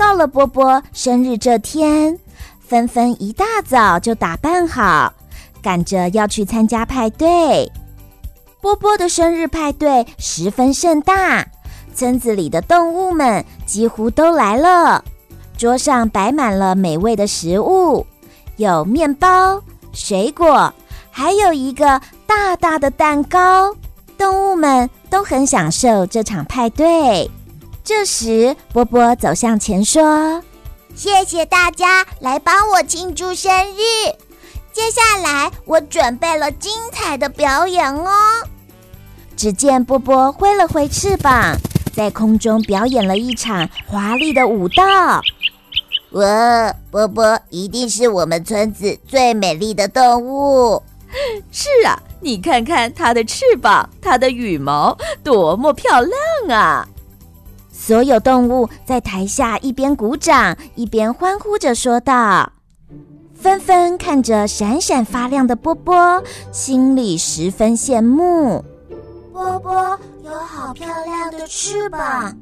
到了波波生日這天，芬芬一大早就打扮好，趕着要去參加派對。波波的生日派對十分盛大，村子裡的動物們幾乎都來了。桌上擺滿了美味的食物，有麵包、水果，還有一個大大的蛋糕。動物們都很享受這場派對。這時，波波走向前說：“謝謝大家來幫我慶祝生日。接下來，我準備了精彩的表演哦。”只見波波揮了揮翅膀，在空中表演了一場華麗的舞蹈。哇、哦，波波一定是我們村子最美麗的動物。是啊，你看看它的翅膀，它的羽毛，多麼漂亮啊！所有動物在台下一邊鼓掌，一邊歡呼着說道。芬芬看着閃閃發亮的波波，心裡十分羨慕。“波波有好漂亮的翅膀，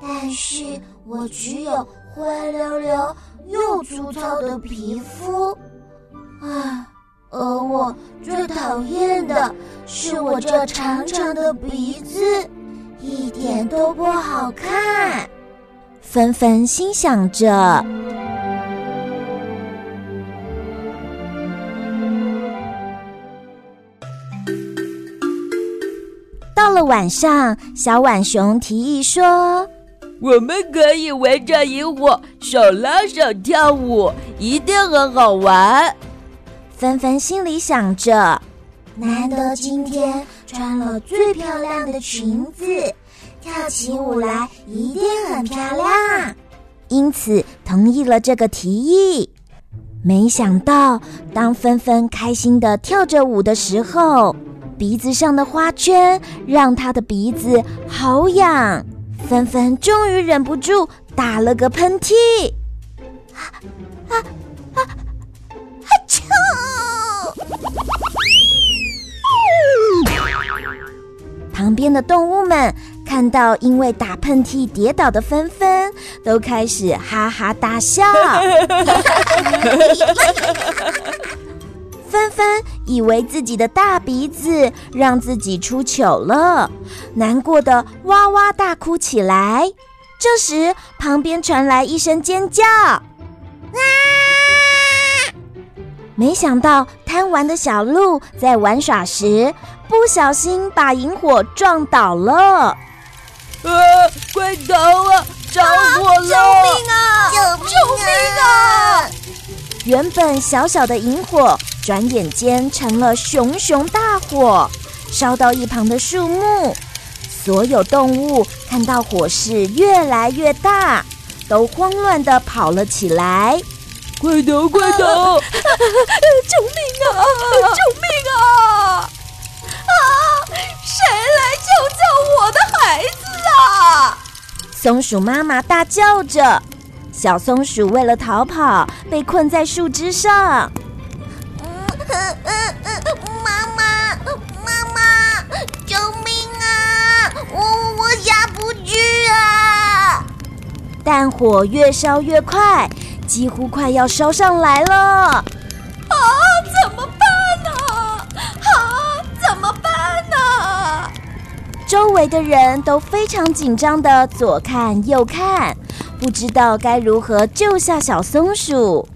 但是我只有灰溜溜又粗糙的皮膚啊！而我最討厭的是我這長長的鼻子。”一點都不好看，芬芬心想着。到了晚上，小浣熊提議說：“我們可以圍着營火手拉手跳舞，一定很好玩。”芬芬心裡想着。難得今天穿了最漂亮的裙子，跳起舞來一定很漂亮啊，因此同意了這個提議。沒想到，當芬芬開心的跳着舞的時候，鼻子上的花圈讓她的鼻子好癢，芬芬終於忍不住打了個噴嚏。啊啊！旁邊的動物們看到因為打噴嚏跌倒的芬芬，都開始哈哈大笑。 芬芬以為自己的大鼻子讓自己出糗了，難過的哇哇大哭起來。這時，旁邊傳來一聲尖叫。沒想到，貪玩的小鹿在玩耍時不小心把營火撞倒了。呃、啊，快逃啊！着火了！救命啊！救命啊！原本小小的營火，轉眼間成了熊熊大火，燒到一旁的樹木。所有動物看到火勢越來越大，都慌亂地跑了起來。快逃！快逃！救命啊！啊！啊！救命啊！啊！誰來救救我的孩子啊？松鼠媽媽大叫着，小松鼠為了逃跑，被困在樹枝上。嗯嗯嗯，媽媽，媽媽，救命啊！我我我下不去啊！但火越燒越快。幾乎快要燒上來了！啊，怎麼辦呢？啊，怎麼辦呢？周圍的人都非常緊張地左看右看，不知道該如何救下小松鼠。